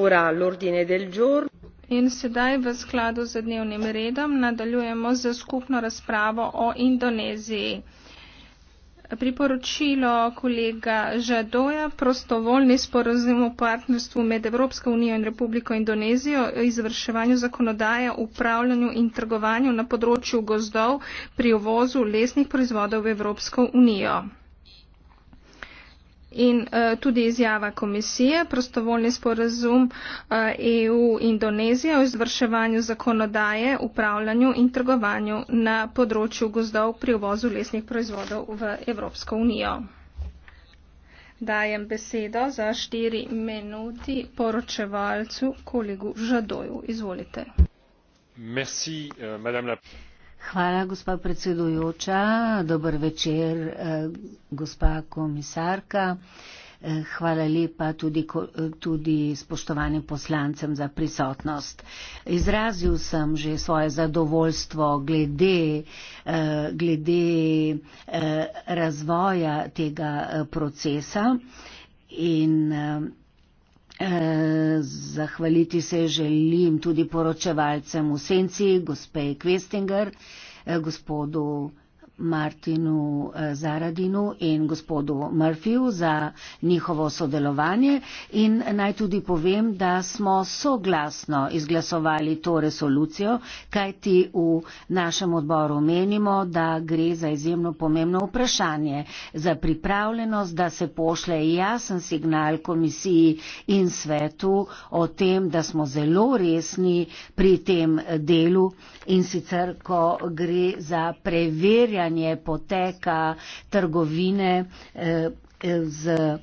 ora l'ordine del giorno. In sedaj v skladu z dnevnim redom nadaljujemo z skupno razpravo o Indoneziji. Priporočilo kolega Žadoja, prostovoljni sporozum o partnerstvu med Evropsko unijo in Republiko Indonezijo o izvrševanju zakonodaje, upravljanju in trgovanju na področju gozdov pri uvozu lesnih proizvodov v Evropsko unijo in uh, tudi izjava komisije, prostovoljni sporazum uh, eh, EU-Indonezija o izvrševanju zakonodaje, upravljanju in trgovanju na področju gozdov pri uvozu lesnih proizvodov v Evropsko unijo. Dajem besedo za štiri minuti poročevalcu kolegu Žadoju. Izvolite. Merci, uh, Hvala, gospa predsedujoča. Dobar večer, eh, gospa komisarka. Eh, hvala lepa tudi, eh, tudi spoštovanim poslancem za prisotnost. Izrazil sem že svoje zadovoljstvo glede, glede razvoja tega procesa in Zahvaliti se želim tudi poročevalcem v senci, gospej Kvestinger, eh, gospodu Martinu eh, Zaradinu in gospodu Murphyju za njihovo sodelovanje in naj tudi povem, da smo soglasno izglasovali to resolucijo, kajti v našem odboru menimo, da gre za izjemno pomembno vprašanje za pripravljenost, da se pošle jasen signal komisiji in svetu o tem, da smo zelo resni pri tem delu in sicer, ko gre za preverjanje zbiranje poteka trgovine eh, z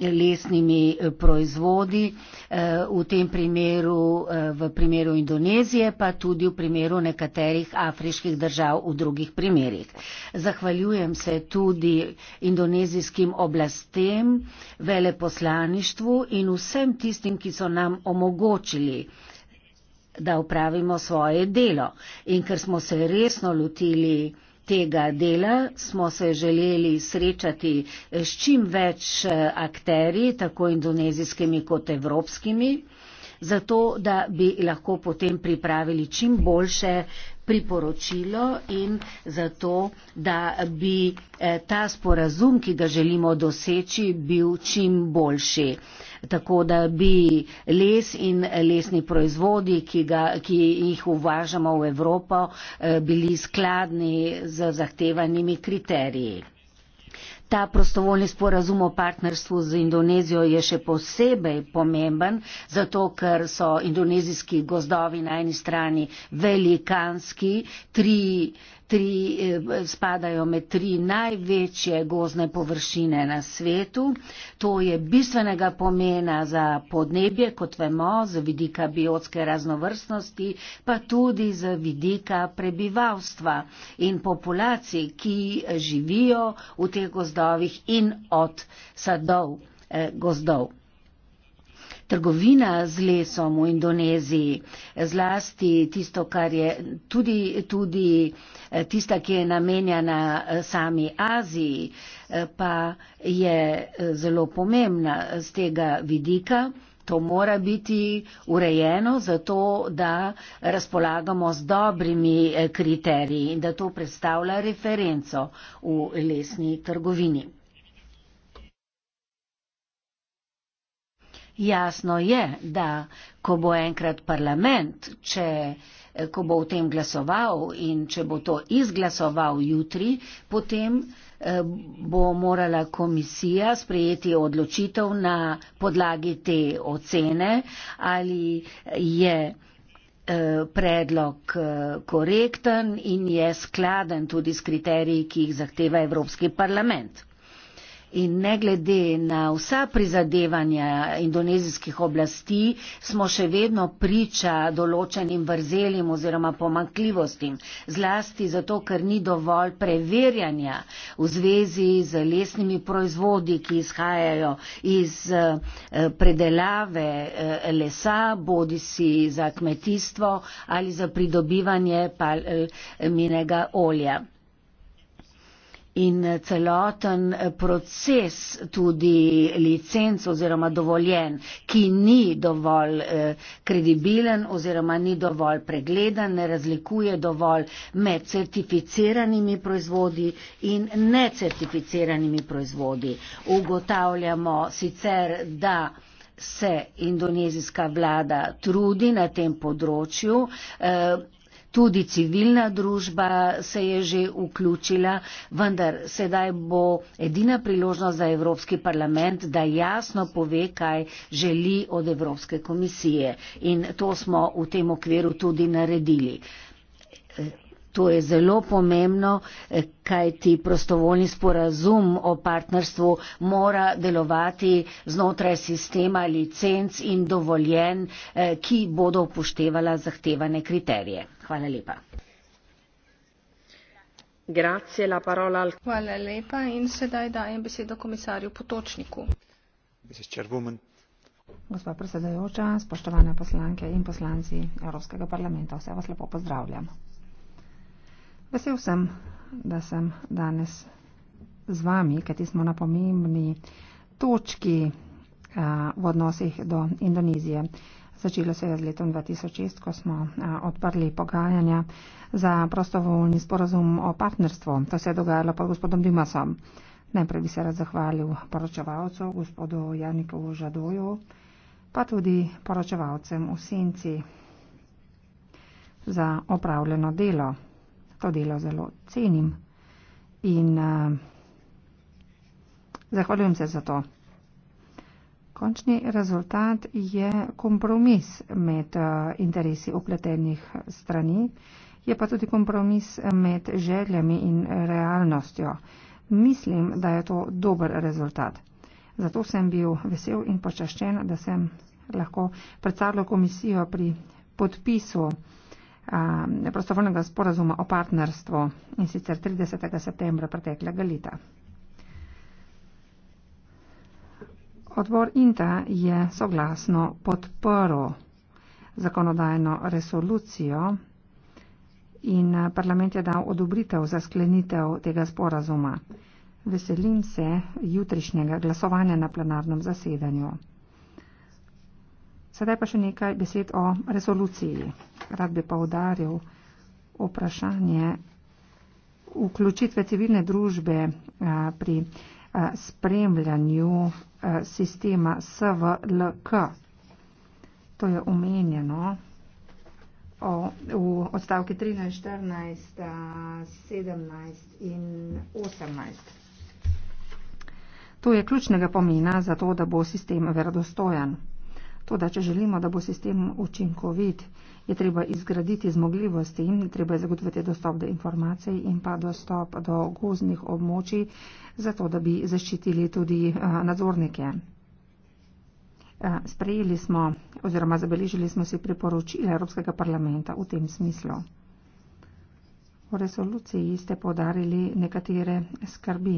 lesnimi eh, proizvodi, eh, v tem primeru, v primeru Indonezije, pa tudi v primeru nekaterih afriških držav v drugih primerih. Zahvaljujem se tudi indonezijskim oblastem, veleposlaništvu in vsem tistim, ki so nam omogočili da upravimo svoje delo. In ker smo se resno lotili tega dela. Smo se želeli srečati s čim več eh, akteri, tako indonezijskimi kot evropskimi zato da bi lahko potem pripravili čim boljše priporočilo in zato, da bi eh, ta sporazum, ki ga želimo doseči, bil čim boljši. Tako da bi les in lesni proizvodi, ki, ga, ki jih uvažamo v Evropo, eh, bili skladni z zahtevanimi kriteriji. Ta prostovoljni sporazum o partnerstvu z Indonezijo je še posebej pomemben, zato ker so indonezijski gozdovi na eni strani velikanski, tri tri, eh, spadajo med tri največje gozne površine na svetu. To je bistvenega pomena za podnebje, kot vemo, z vidika biotske raznovrstnosti, pa tudi z vidika prebivalstva in populacij, ki živijo v teh gozdovih in od sadov, eh, gozdov trgovina z lesom v Indoneziji, zlasti tisto, kar je tudi, tudi eh, tista, ki je namenjena eh, sami Aziji, eh, pa je zelo pomembna z tega vidika. To mora biti urejeno zato, da razpolagamo z dobrimi kriteriji in da to predstavlja referenco v lesni trgovini. Jasno je, da ko bo enkrat parlament, če, ko bo o tem glasoval in če bo to izglasoval jutri, potem eh, bo morala komisija sprejeti odločitev na podlagi te ocene, ali je eh, predlog eh, korekten in je skladen tudi s kriteriji, ki jih zahteva Evropski parlament. In ne glede na vsa prizadevanja indonezijskih oblasti, smo še vedno priča določenim vrzelim oziroma pomankljivostim, zlasti zato, ker ni dovolj preverjanja v zvezi z lesnimi proizvodi, ki izhajajo iz eh, predelave eh, lesa, bodi si za kmetijstvo ali za pridobivanje palminega olja in celoten eh, proces tudi licenc oziroma dovoljen, ki ni dovolj eh, kredibilen oziroma ni dovolj pregledan, ne razlikuje dovolj med certificiranimi proizvodi in necertificiranimi proizvodi. Ugotavljamo sicer, da se indonezijska vlada trudi na tem področju, eh, Tudi civilna družba se je že vključila, vendar sedaj bo edina priložnost za Evropski parlament, da jasno pove, kaj želi od Evropske komisije. In to smo v tem okviru tudi naredili. To je zelo pomembno, eh, kaj ti prostovoljni sporazum o partnerstvu mora delovati znotraj sistema licenc in dovoljen, eh, ki bodo upoštevala zahtevane kriterije. Hvala lepa. Grazie, la parola al... Hvala lepa in sedaj dajem besedo komisarju Potočniku. Gospa predsedajoča, spoštovane poslanke in poslanci Evropskega parlamenta, vse vas lepo pozdravljam. Vesel sem, da sem danes z vami, kajti smo na pomembni točki a, eh, v odnosih do Indonezije. Začelo se je z letom 2006, ko smo a, eh, odprli pogajanja za prostovoljni sporazum o partnerstvu. To se je dogajalo pod gospodom Dimasom. Najprej bi se rad zahvalil poročevalcu, gospodu Janikovu Žadoju, pa tudi poročevalcem v Senci za opravljeno delo to delo zelo cenim in uh, zahvaljujem se za to. Končni rezultat je kompromis med uh, interesi upletenih strani, je pa tudi kompromis med željami in realnostjo. Mislim, da je to dober rezultat. Zato sem bil vesel in počaščen, da sem lahko predstavljal komisijo pri podpisu uh, Um, prostovoljnega sporazuma o partnerstvu in sicer 30. septembra preteklega leta. Odbor INTA je soglasno podprl zakonodajno resolucijo in eh, parlament je dal odobritev za sklenitev tega sporazuma. Veselim se jutrišnjega glasovanja na plenarnem zasedanju. Sedaj pa še nekaj besed o rezoluciji. Rad bi pa udaril vprašanje vključitve civilne družbe pri spremljanju sistema SVLK. To je omenjeno v odstavki 13, 14, 17 in 18. To je ključnega pomena za to, da bo sistem verodostojen. Toda, če želimo, da bo sistem učinkovit, je treba izgraditi zmogljivosti in treba je zagotoviti dostop do informacij in pa dostop do gozdnih območij, zato da bi zaščitili tudi eh, nadzornike. Eh, sprejeli smo oziroma zabeležili smo si priporočila Evropskega parlamenta v tem smislu. V resoluciji ste podarili nekatere skrbi,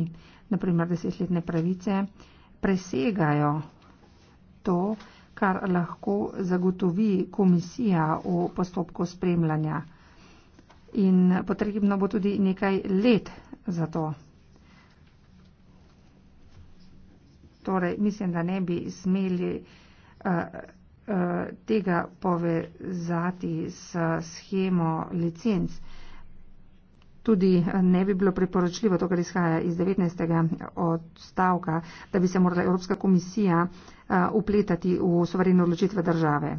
naprimer desetletne pravice presegajo to, kar lahko zagotovi komisija v postopku spremljanja. In potrebno bo tudi nekaj let za to. Torej, mislim, da ne bi smeli uh, uh, tega povezati s schemo licenc. Uh, tudi eh, ne bi bilo priporočljivo, to, kar izhaja iz 19. odstavka, da bi se morala Evropska komisija upletati eh, v suvereno odločitve države.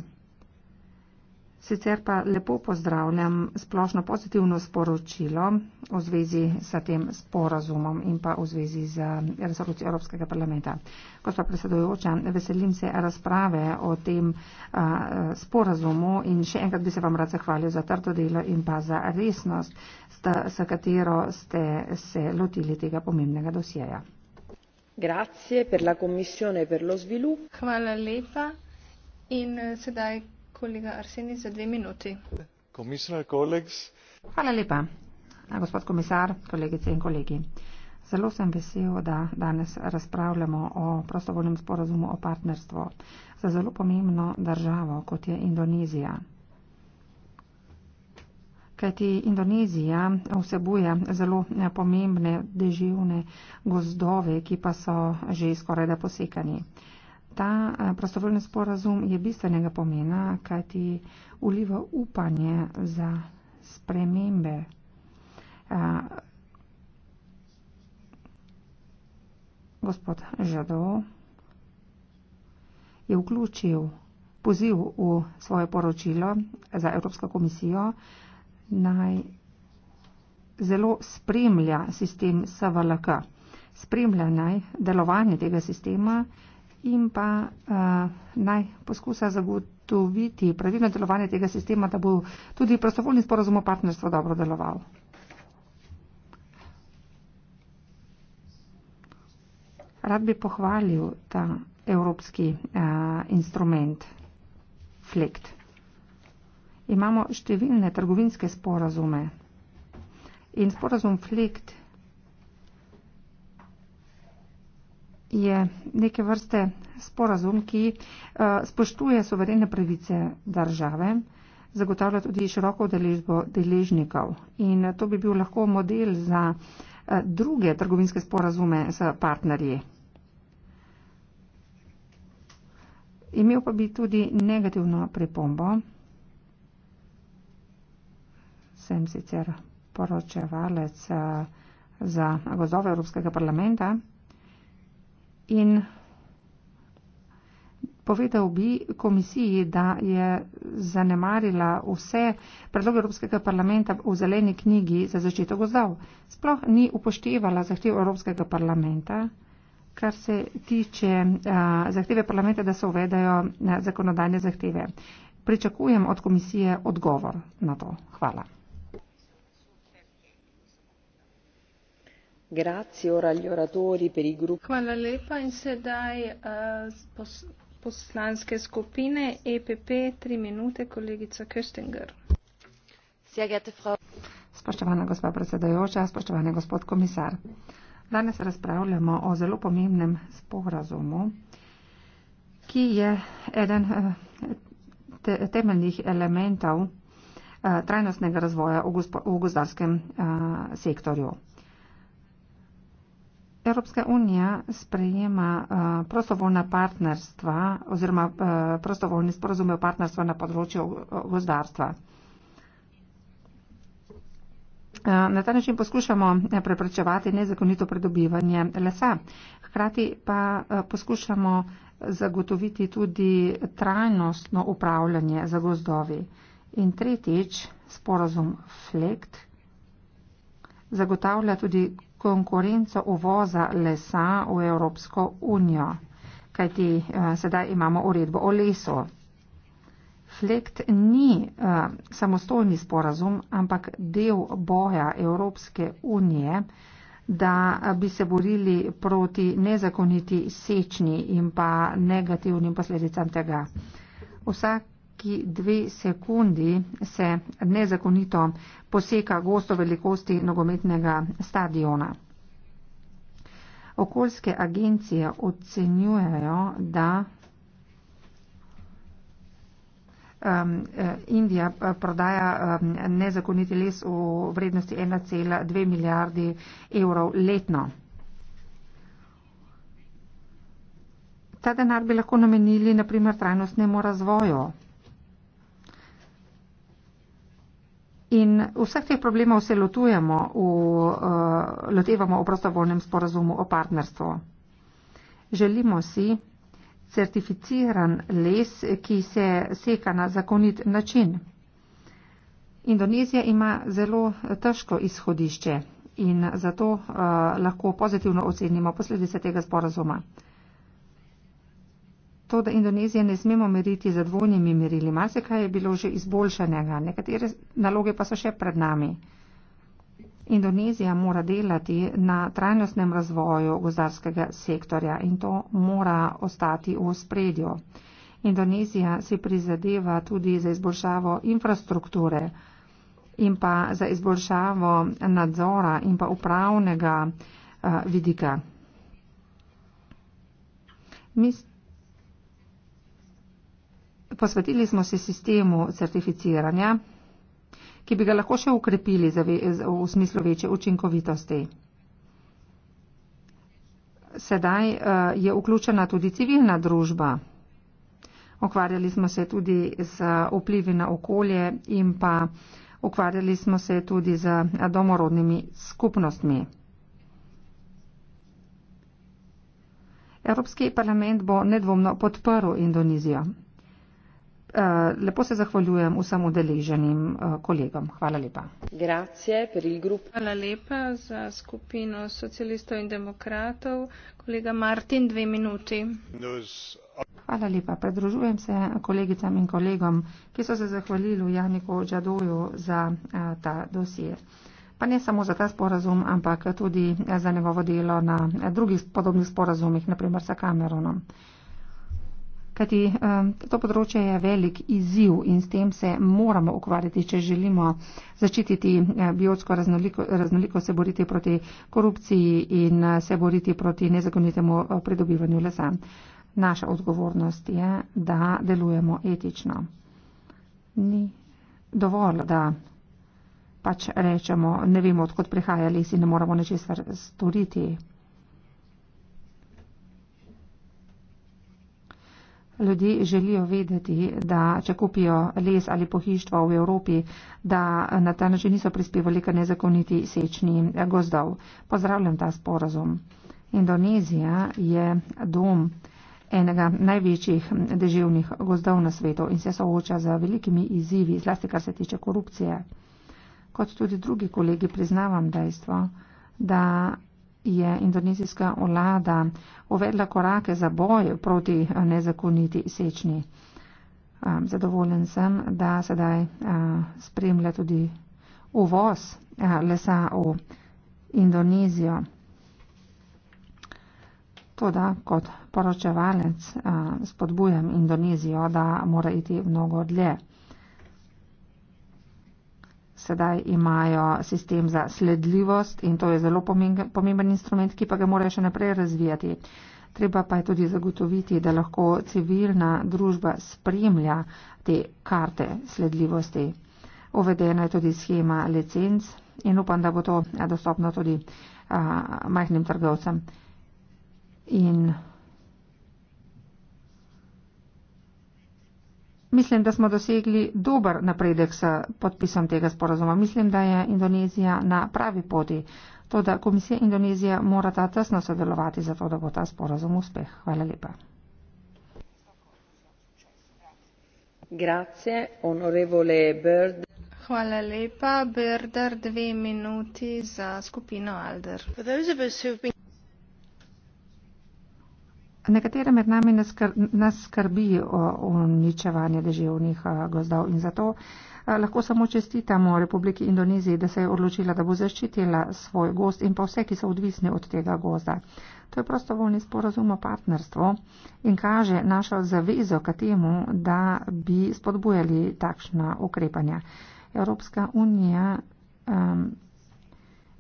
Sicer pa lepo pozdravljam splošno pozitivno sporočilo v zvezi s tem sporazumom in pa v zvezi z resolucijo Evropskega parlamenta. Gospod predsedujoča, veselim se razprave o tem a, sporazumu in še enkrat bi se vam rad zahvalil za trdo delo in pa za resnost, sta, s katero ste se lotili tega pomembnega dosjeja. E Hvala lepa in eh, sedaj Hvala lepa, gospod komisar, kolegice in kolegi. Zelo sem vesel, da danes razpravljamo o prostovoljnem sporazumu o partnerstvu za zelo pomembno državo, kot je Indonezija. Kajti Indonezija vsebuje zelo eh, pomembne deživne gozdove, ki pa so že skoraj da posekani. Ta eh, prostovoljni sporazum je bistvenega pomena, kajti uliva upanje za spremembe. A, eh, gospod Žado je vključil poziv v svoje poročilo za Evropsko komisijo, naj zelo spremlja sistem SVLK. Spremlja naj delovanje tega sistema in pa uh, naj poskusa zagotoviti pravilno delovanje tega sistema, da bo tudi prostovoljni sporozum o partnerstvu dobro deloval. Rad bi pohvalil ta evropski uh, instrument FLEKT. Imamo številne trgovinske sporazume in sporazum FLEKT. je neke vrste sporazum, ki eh, spoštuje soverene pravice države, zagotavlja tudi široko deležbo deležnikov in eh, to bi bil lahko model za eh, druge trgovinske sporazume s partnerji. Imel pa bi tudi negativno pripombo. Sem sicer poročevalec za gozove Evropskega parlamenta in povedal bi komisiji, da je zanemarila vse predloge Evropskega parlamenta v zeleni knjigi za zaščito gozdov. Sploh ni upoštevala zahtev Evropskega parlamenta, kar se tiče a, zahteve parlamenta, da se uvedajo zakonodajne zahteve. Pričakujem od komisije odgovor na to. Hvala. hvala lepa in sedaj uh, pos, poslanske skupine epp tri minute kolegica köstinger spoštovana gospa predsedajoča spoštovani gospod komisar danes razpravljamo o zelo pomembnem sporazumu ki je eden eh, te, temeljnih elementov uh, trajnostnega razvoja v, gospo, v gozdarskem uh, sektorju. Evropska unija sprejema eh, prostovoljna partnerstva oziroma eh, prostovoljni sporozume o partnerstvu na področju eh, gozdarstva. Na ta način poskušamo preprečevati nezakonito pridobivanje lesa. Hkrati pa poskušamo zagotoviti tudi trajnostno upravljanje za gozdovi. In tretjič, sporozum FLECT zagotavlja tudi konkurenco uvoza lesa v Evropsko unijo, kajti uh, sedaj imamo uredbo o lesu. Flekt ni uh, samostojni sporazum, ampak del boja Evropske unije, da bi se borili proti nezakoniti sečni in pa negativnim posledicam tega. Vsak vsaki dve sekundi se nezakonito poseka gosto velikosti nogometnega stadiona. Okoljske agencije ocenjujejo, da um, eh, Indija eh, prodaja um, nezakoniti les v vrednosti 1,2 milijardi evrov letno. Ta denar bi lahko namenili naprimer trajnostnemu razvoju. In vseh teh problemov se lotujemo v, uh, lotevamo v prostovoljnem sporazumu o partnerstvu. Želimo si certificiran les, ki se seka na zakonit način. Indonezija ima zelo težko izhodišče in zato uh, lahko pozitivno ocenimo posledice tega sporazuma to, da Indonezije ne smemo meriti za dvojnimi merili. Malce kaj je bilo že izboljšanega, nekatere naloge pa so še pred nami. Indonezija mora delati na trajnostnem razvoju gozdarskega sektorja in to mora ostati v spredju. Indonezija si prizadeva tudi za izboljšavo infrastrukture in pa za izboljšavo nadzora in pa upravnega uh, vidika. Mislim, Posvetili smo se sistemu certificiranja, ki bi ga lahko še ukrepili v smislu večje učinkovitosti. Sedaj eh, je vključena tudi civilna družba. Okvarjali smo se tudi z vplivi na okolje in pa ukvarjali smo se tudi z domorodnimi skupnostmi. Evropski parlament bo nedvomno podprl Indonezijo. Eh, lepo se zahvaljujem vsem udeleženim eh, kolegom. Hvala lepa. Grazie per il gruppo. Hvala lepa za skupino socialistov in demokratov. Kolega Martin, dve minuti. Hvala lepa. Predružujem se kolegicam in kolegom, ki so se zahvalili Janiku Džadoju za eh, ta dosir. Pa ne samo za ta sporazum, ampak tudi za njegovo delo na drugih podobnih sporazumih, naprimer sa Cameronom kajti to področje je velik izziv in s tem se moramo ukvarjati, če želimo začititi eh, biotsko raznoliko, raznoliko se boriti proti korupciji in eh, se boriti proti nezakonitemu eh, pridobivanju lesa. Naša odgovornost je, da delujemo etično. Ni dovolj, da pač rečemo, ne vemo, odkot prihajali si, ne moramo nečesar storiti. ljudje želijo vedeti, da če kupijo les ali pohištvo v Evropi, da na ta način niso prispevali k nezakoniti sečni gozdov. Pozdravljam ta sporazum. Indonezija je dom enega največjih deževnih gozdov na svetu in se sooča z velikimi izzivi, zlasti kar se tiče korupcije. Kot tudi drugi kolegi priznavam dejstvo, da je indonezijska vlada uvedla korake za boj proti eh, nezakoniti sečni. Ehm, zadovoljen sem, da sedaj eh, spremlja tudi uvoz eh, lesa v Indonezijo. Toda kot poročevalec spodbujam Indonezijo, da mora iti mnogo dlje sedaj imajo sistem za sledljivost in to je zelo pomemben instrument, ki pa ga morajo še naprej razvijati. Treba pa je tudi zagotoviti, da lahko civilna družba spremlja te karte sledljivosti. Uvedena je tudi schema licenc in upam, da bo to dostopno tudi a, majhnim trgovcem. In Mislim, da smo dosegli dober napredek s podpisom tega sporozuma. Mislim, da je Indonezija na pravi poti. To, da komisija Indonezija mora ta tesno sodelovati, zato da bo ta sporozum uspeh. Hvala lepa. Grazie, onorevole Bird. Hvala lepa, Birder, dve minuti za skupino Alder. Nekatere med nami nas skrbi o uničevanje deževnih gozdov in zato lahko samo čestitamo Republiki Indoneziji, da se je odločila, da bo zaščitila svoj gost in pa vse, ki so odvisni od tega gozda. To je prostovoljni sporazum o partnerstvu in kaže našo zavezo k temu, da bi spodbujali takšna ukrepanja. Evropska unija um,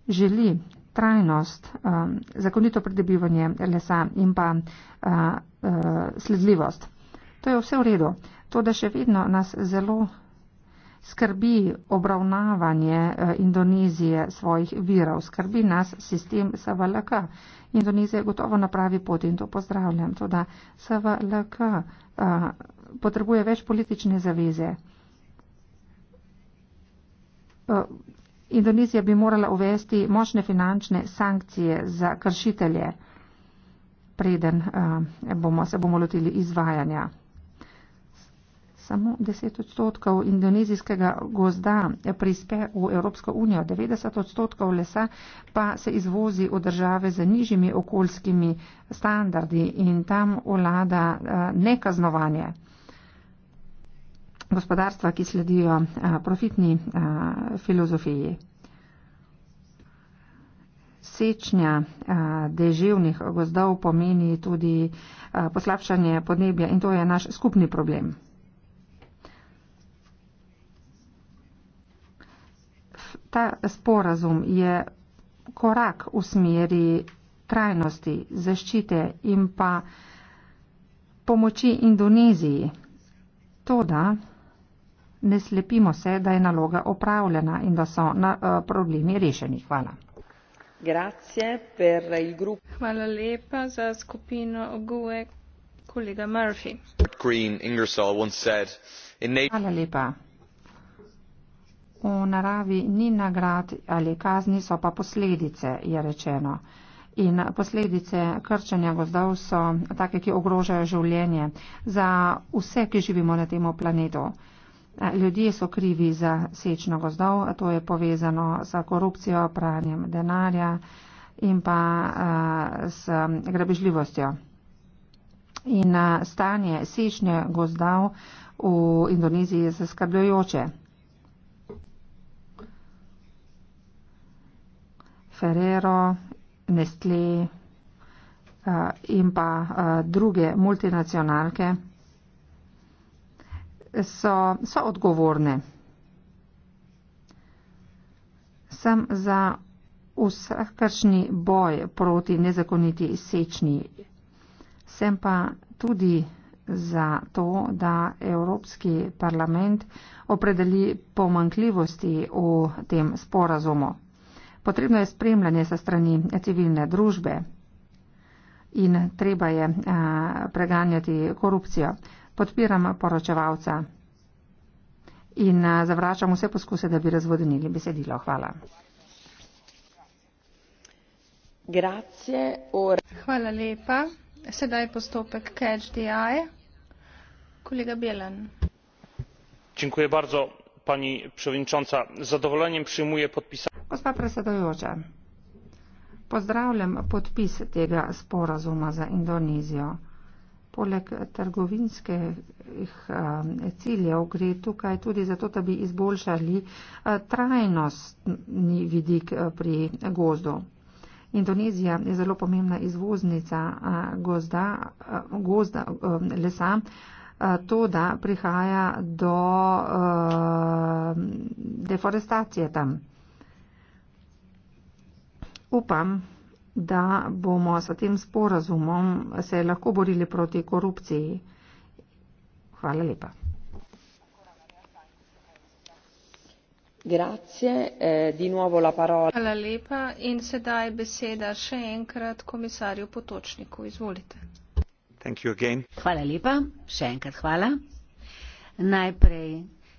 želi trajnost, um, zakonito pridobivanje lesa in pa uh, uh, sledljivost. To je vse v redu. To, da še vedno nas zelo skrbi obravnavanje uh, Indonezije svojih virov, skrbi nas sistem SVLK. Indonezija je gotovo na pravi poti in to pozdravljam. To, da SVLK uh, potrebuje več politične zaveze. Uh, Indonezija bi morala uvesti močne finančne sankcije za kršitelje, preden eh, bomo, se bomo lotili izvajanja. Samo 10 odstotkov indonezijskega gozda prispe v Evropsko unijo, 90 odstotkov lesa pa se izvozi v države z nižjimi okoljskimi standardi in tam vlada eh, nekaznovanje gospodarstva, ki sledijo eh, profitni eh, filozofiji. Sečnja eh, deževnih gozdov pomeni tudi poslabšanje podnebja in to je naš skupni problem. Ta sporazum je korak v smeri trajnosti, zaščite in pa pomoči Indoneziji. To da ne slepimo se, da je naloga opravljena in da so na, uh, problemi rešeni. Hvala. Per il Hvala lepa za skupino GUE, kolega Murphy. Green, Ingersoll once said, in Hvala lepa. V naravi ni nagrad ali kazni, so pa posledice, je rečeno. In posledice krčenja gozdov so take, ki ogrožajo življenje za vse, ki živimo na tem planetu. E, ljudje so krivi za sečno gozdov, to je povezano s korupcijo, pranjem denarja in pa e, s grabežljivostjo. In e, stanje sečne gozdov v Indoneziji je zaskrbljujoče. Ferrero, Nestle in pa druge multinacionalke so, so odgovorne. Sem za vsakršni boj proti nezakoniti sečni. Sem pa tudi za to, da Evropski parlament opredeli pomankljivosti v tem sporazumu. Potrebno je spremljanje sa strani civilne družbe in treba je a, preganjati korupcijo podpiram poročevalca in eh, zavračam vse poskuse, da bi razvodnili besedilo. Hvala. Hvala lepa. Sedaj je postopek Catch the Eye. Kolega Bielan. Dziękuję bardzo, pani przewodnicząca. Z zadowoleniem przyjmuję podpis. Gospa predsedujoča, pozdravljam podpis tega sporazuma za Indonezijo. Poleg trgovinskih um, ciljev gre tukaj tudi zato, da bi izboljšali uh, trajnostni vidik uh, pri gozdu. Indonezija je zelo pomembna izvoznica uh, gozda, gozda um, lesa, to, da prihaja do deforestacije tam. Upam, da bomo s tem sporazumom se lahko borili proti korupciji. Hvala lepa. Grazie, eh, di nuovo la parola. Hvala lepa in sedaj beseda še enkrat komisarju Potočniku. Izvolite. Thank you again. Hvala lepa, še enkrat hvala. Najprej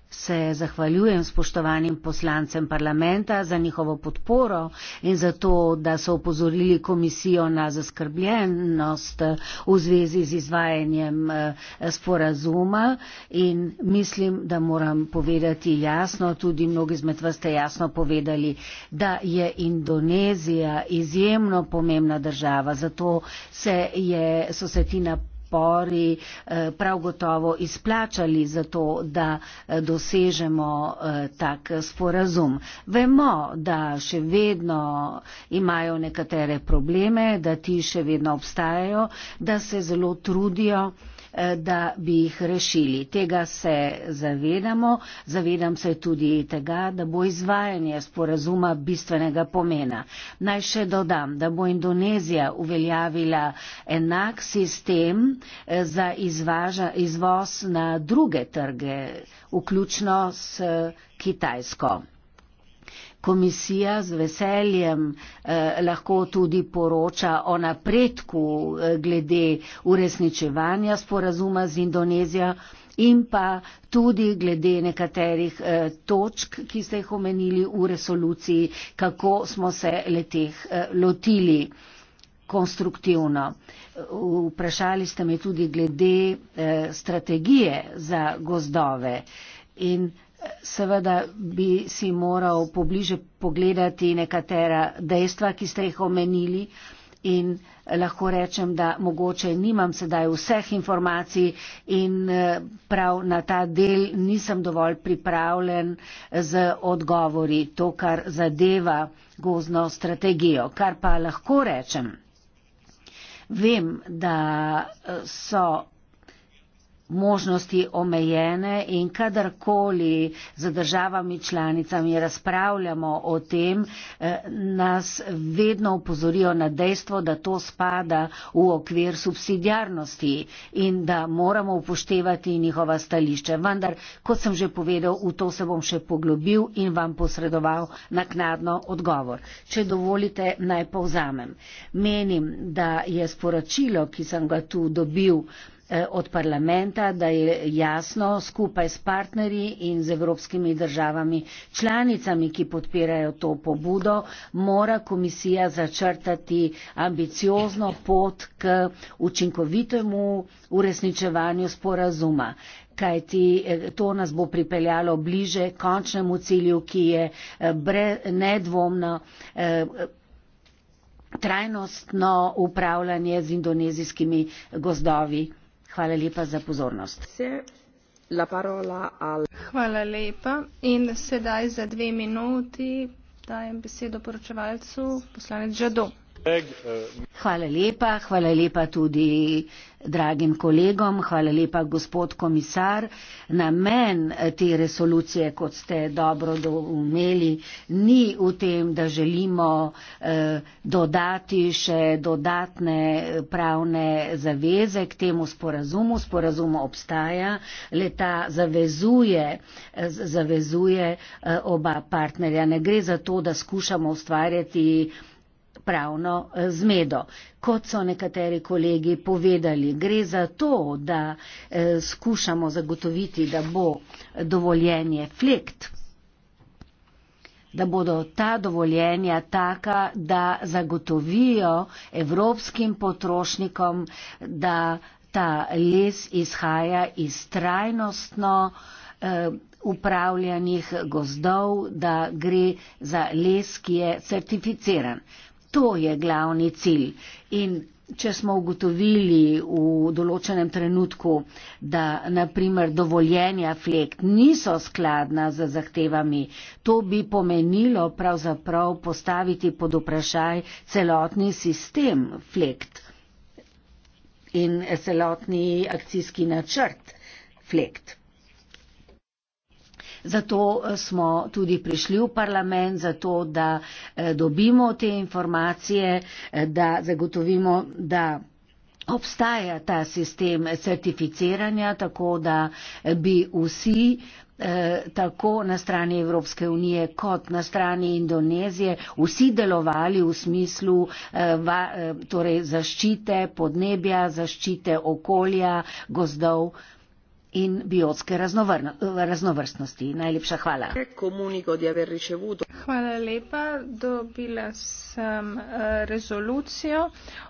se zahvaljujem spoštovanim poslancem parlamenta za njihovo podporo in za to, da so opozorili komisijo na zaskrbljenost v zvezi z izvajanjem eh, sporazuma in mislim, da moram povedati jasno, tudi mnogi izmed vas ste jasno povedali, da je Indonezija izjemno pomembna država, zato se je, so se ti napovedali napori eh, prav gotovo izplačali za to, da eh, dosežemo eh, tak sporazum. Vemo, da še vedno imajo nekatere probleme, da ti še vedno obstajajo, da se zelo trudijo da bi jih rešili. Tega se zavedamo, zavedam se tudi tega, da bo izvajanje sporazuma bistvenega pomena. Naj še dodam, da bo Indonezija uveljavila enak sistem eh, za izvaža, izvoz na druge trge, vključno s Китайском. Eh, komisija z veseljem eh, lahko tudi poroča o napredku eh, glede uresničevanja sporazuma z Indonezijo in pa tudi glede nekaterih eh, točk, ki ste jih omenili v resoluciji, kako smo se leteh eh, lotili konstruktivno. Vprašali ste me tudi glede eh, strategije za gozdove in Seveda bi si moral pobliže pogledati nekatera dejstva, ki ste jih omenili in lahko rečem, da mogoče nimam sedaj vseh informacij in eh, prav na ta del nisem dovolj pripravljen z odgovori to, kar zadeva gozno strategijo. Kar pa lahko rečem, vem, da eh, so možnosti omejene in kadarkoli z državami članicami razpravljamo o tem, eh, nas vedno upozorijo na dejstvo, da to spada v okvir subsidiarnosti in da moramo upoštevati njihova stališče. Vendar, kot sem že povedal, v to se bom še poglobil in vam posredoval naknadno odgovor. Če dovolite, naj povzamem. Menim, da je sporočilo, ki sem ga tu dobil, Eh, od parlamenta, da je jasno skupaj s partnerji in z evropskimi državami članicami, ki podpirajo to pobudo, mora komisija začrtati ambiciozno pot k učinkovitemu uresničevanju sporazuma kajti eh, to nas bo pripeljalo bliže končnemu cilju, ki je eh, nedvomno trajnostno upravljanje z indonezijskimi gozdovi. Hvala lepa za pozornost. Hvala lepa. In sedaj za dve minuti dajem besedo poročevalcu poslanec Žado. Eh, Hvala lepa, hvala lepa tudi dragim kolegom, hvala lepa gospod komisar. Namen eh, te resolucije, kot ste dobro doumeli, ni v tem, da želimo eh, dodati še dodatne eh, pravne zaveze k temu sporazumu. Sporazum obstaja, leta zavezuje, eh, zavezuje eh, oba partnerja. Ne gre za to, da skušamo ustvarjati pravno eh, zmedo. Kot so nekateri kolegi povedali, gre za to, da eh, skušamo zagotoviti, da bo dovoljenje flekt da bodo ta dovoljenja taka, da zagotovijo evropskim potrošnikom, da ta les izhaja iz trajnostno eh, upravljanih gozdov, da gre za les, ki je certificiran. To je glavni cilj. In če smo ugotovili v določenem trenutku, da naprimer dovoljenja flekt niso skladna z zahtevami, to bi pomenilo pravzaprav postaviti pod vprašaj celotni sistem flekt in celotni akcijski načrt flekt. Zato eh, smo tudi prišli v parlament, zato da eh, dobimo te informacije, eh, da zagotovimo, da. Obstaja ta sistem certificiranja, tako da bi vsi, tako na strani Evropske unije kot na strani Indonezije, vsi delovali v smislu torej zaščite podnebja, zaščite okolja, gozdov in biotske raznovrstnosti. Najlepša hvala. Hvala lepa. Dobila sem eh, rezolucijo.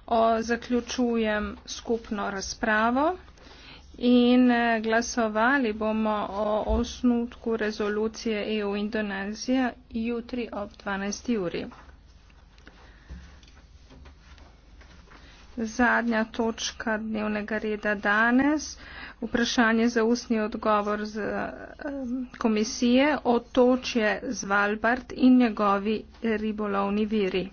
O, zaključujem skupno razpravo in eh, glasovali bomo o osnutku rezolucije EU Indonezija jutri ob 12. uri. Zadnja točka dnevnega reda danes, vprašanje za ustni odgovor z eh, komisije o točje Zvalbard in njegovi ribolovni viri.